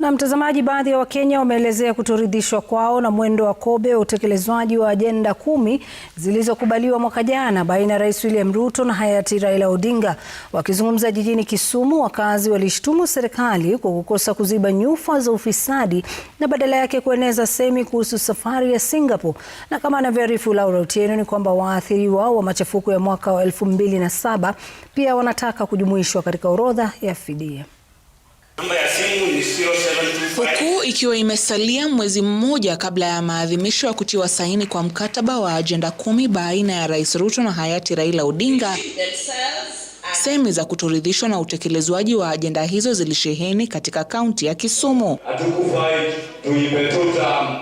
Na mtazamaji, baadhi ya Wakenya wameelezea kutoridhishwa kwao na mwendo wa kobe wa utekelezwaji wa ajenda kumi zilizokubaliwa mwaka jana baina ya Rais William Ruto na hayati Raila Odinga. Wakizungumza jijini Kisumu, wakazi walishtumu serikali kwa kukosa kuziba nyufa za ufisadi na badala yake kueneza semi kuhusu safari ya Singapore. Na kama anavyoarifu Laura Otieno ni kwamba waathiriwa wa machafuko ya mwaka wa elfu mbili na saba pia wanataka kujumuishwa katika orodha ya fidia. Huku ikiwa imesalia mwezi mmoja kabla ya maadhimisho ya kutiwa saini kwa mkataba wa ajenda kumi baina ya Rais Ruto na hayati Raila Odinga, semi za kutoridhishwa na utekelezwaji wa ajenda hizo zilisheheni katika kaunti ya Kisumu.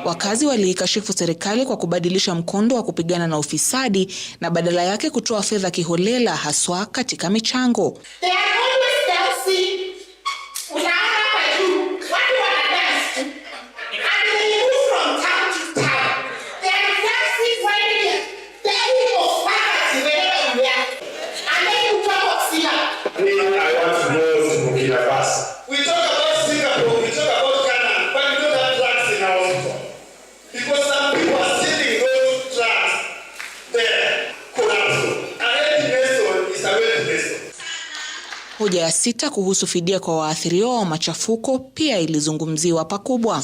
Wakazi waliikashifu serikali kwa kubadilisha mkondo wa kupigana na ufisadi na badala yake kutoa fedha kiholela haswa katika michango. Hoja ya sita kuhusu fidia kwa waathiriwa wa machafuko pia ilizungumziwa pakubwa.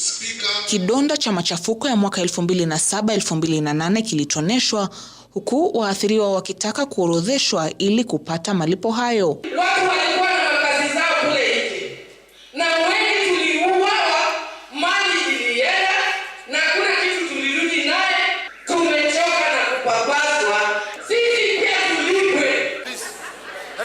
Kidonda cha machafuko ya mwaka 2007-2008 kilitoneshwa huku waathiriwa wakitaka kuorodheshwa ili kupata malipo hayo.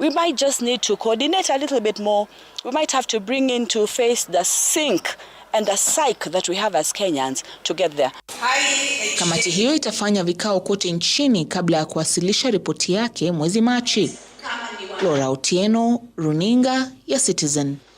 we might just need to coordinate a little bit more. We might have to bring in to face the sink and the psych that we have as Kenyans to get there. Kamati hiyo itafanya vikao kote nchini kabla ya kuwasilisha ripoti yake mwezi Machi. Laura Otieno, Runinga ya Citizen.